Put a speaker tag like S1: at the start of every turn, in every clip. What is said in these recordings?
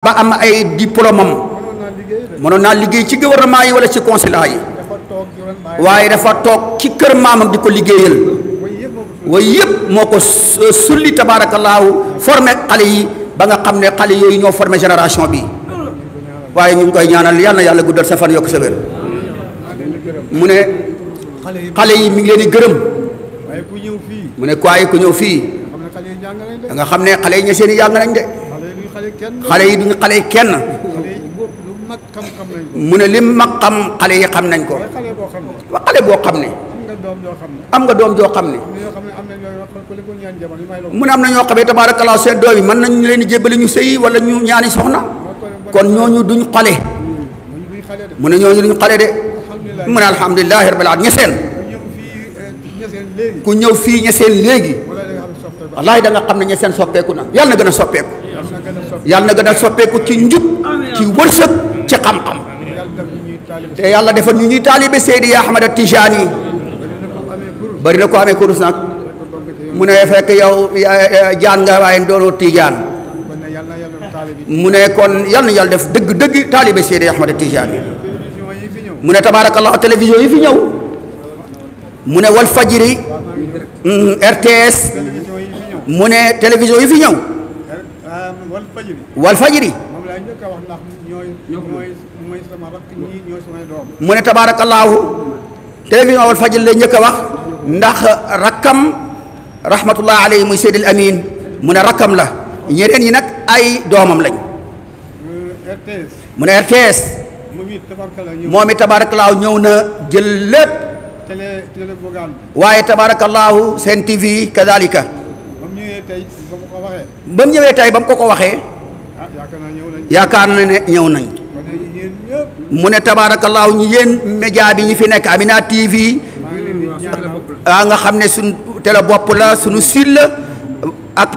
S1: ba am ay diplôme am mënoon naa liggéey ci gouvernement yi wala ci consulat yi waaye dafa toog ci kër maamam di ko liggéeyal waaye yëpp moo ko sulli tabaarakallaahu formé xale yi ba nga xam ne xale yooyu ñoo formé génération bi waaye ñu ngi koy ñaanal yal na yàlla guddal sa fan yokk sa wér mu ne xale yi mu ngi leen di gërëm mu ne waaye ku ñëw fii da nga xam ne xale yi ña seen i nañ de. xale yi duñu xale yi kenn mu ne lim mag xam xale yi xam nañ ko wa xale boo xam ne am nga doom joo xam ne mu am na ñoo xamee tabaarakallaa seen doom yi mën nañu leen jébbali ñu sëy wala ñu ñaani soxna kon ñooñu duñ xale mu ne ñooñu duñ xale de mu ne alhamdulilahi rabbil alamin ñeseen ku ñëw fii ñeseen léegi wallaay da xam ne ñe seen soppeeku na yàlla na gën a soppeeku yàlla na a soppeeku ci njub ci wërsëg ci xam-xam te yàlla defal ñu ñuy taalibe Seydi Ahmad Tijaan yi bari na ko amee kurus nag mu ne fekk yow jaan nga waaye doonoo Tijaan mu ne kon yàlla na yàlla def dëgg dëgg taalibe Seydi Ahmad Tijaan yi mu ne tabaarakallah télévision yi fi ñëw mu ne wal fajiri mm, RTS mu ne télévision yi fi ñëw wal fajiri mu ne tabaarakallaahu télévision wal fajiri lay njëkk a wax ndax rakkam rahmatullah alayhi muy Seydil Amin mu ne rakkam la ñeneen yi nag ay doomam lañ euh, mu ne RTS moom it tabaarakallaahu ñëw na jël lépp télé waaye tabaarakallaahu seen TV kadalika. ba mu ñëwee tey ba mu ko waxee. ba ñëwee tey ba mu ko ko waxee. Ah, yaakaar na ne ñëw nañ. mu ne tabaarakallaahu ñu yéen média bi ñu fi nekk Amina TV. ah nga xam ne suñ télé bopp la suñu sil la ak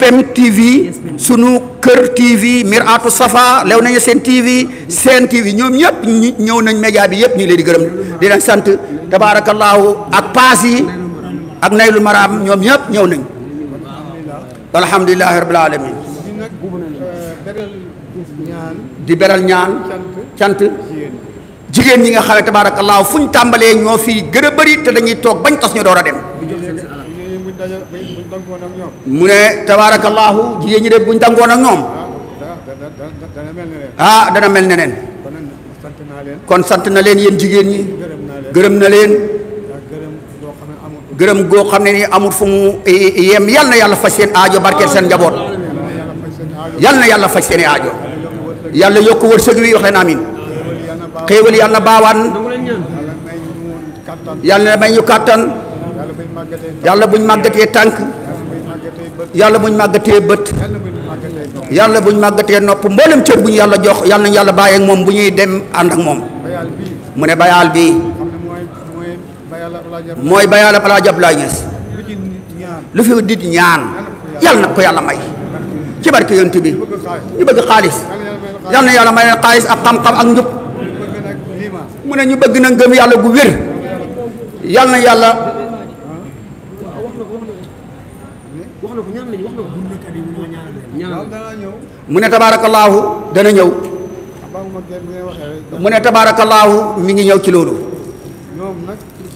S1: PEM TV suñu Kër TV Miratu Safa lew nañu seen TV seen TV ñoom ñëpp ñi ñëw nañ média bi yëpp ñu leen di gërëm di leen sant tabarakallahu ak paas yi ak naylul maraam ñoom ñëpp ñëw nañ alhamdulilahi rabbil alamin di beral ñaan cant jigéen ñi nga xamee tabarakallahu fuñ tàmbalee ñoo fii gën a bëri te dañuy toog bañ tas ñu door dem mu ne tabarakallahu ñi de buñ dangoon ak ñoom ah dana mel neneen kon sant na leen yéen jigéen ñi gërëm na leen gërëm goo xam ne ni amul fu mu eh, eh, yem yàlla na yàlla faj seen aajo barkeel seen njaboot yal na yàlla faj seen aajo yàlla yokk wërsëg wi wax leen amin xéewal yàlla baawaan yàlla may kàttan yàlla buñ màggatee tànk yàlla buñ màggatee bët yàlla buñ màggatee nopp mboolem cër bu ñu yàlla jox yàlla nañ yàlla bàyyi ak moom bu ñuy dem ànd ak moom mu ne bayaal bii mooy ba yàlla balaa jàpp laay ñees lu fi nit ñaan yàlla na ko yàlla may ci barke yonent bi ñu bëgg xaalis yàlla na yàlla may leen xaalis ak xam-xam ak njub mu ne ñu bëgg na ngëm yàlla gu wér yàlla na mu ne tabaarakallaahu dana ñëw ya, mu ne tabaarakallaahu mi ngi ñëw ci loolu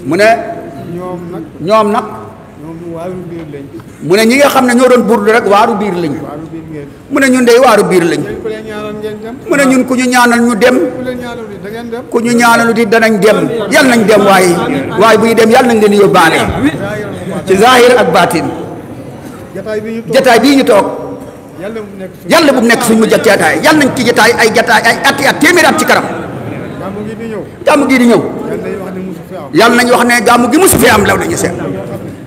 S1: mu ne. ñoom nag ñoom nag. mu ne ñi nga xam ne ñoo doon burdu rek waaru biir lañ. mu ne ñun dey waaru biir lañ. mu ne ñun ku ñu ñaanal ñu dem. ku ñu ñaanalu di danañ dem yal nañ dem waaye waaye bu ñu dem yal nañ leen yóbbaale. ci zahir ak baatin. jataay bii ñu toog. yàlla bu mu nekk suñ mu jataay yal nañ ci jataay ay jataay ay atti at téeméer at ci kanam. jàmm gii di ñëw. yàlla nañu wax ne gàmmu gi su fi am law nañu seen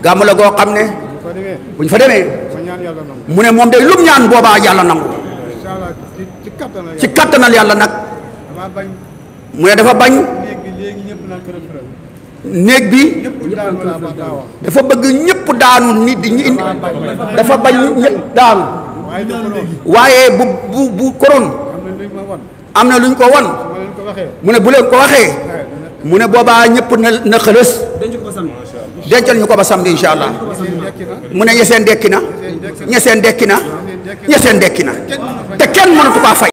S1: gàmmu la goo xam ne bu ñu fa demee mu ne moom day lum ñaan boobaa yàlla nangu
S2: ci kattanal yàlla nag
S1: mu ne dafa bañ néeg bi dafa bëgg ñëpp daanu nit di ñu indi dafa bañ ñëpp daanu waaye bu bu bu koron am na lu ñu ko won mu ne bu leen ko waxee mu ne boobaa ñëpp na na xëlës dencal ñu ko ba samedi incha allah mu ne ña seen dekki na ña seen dekki na ña dekki na te kenn mënatu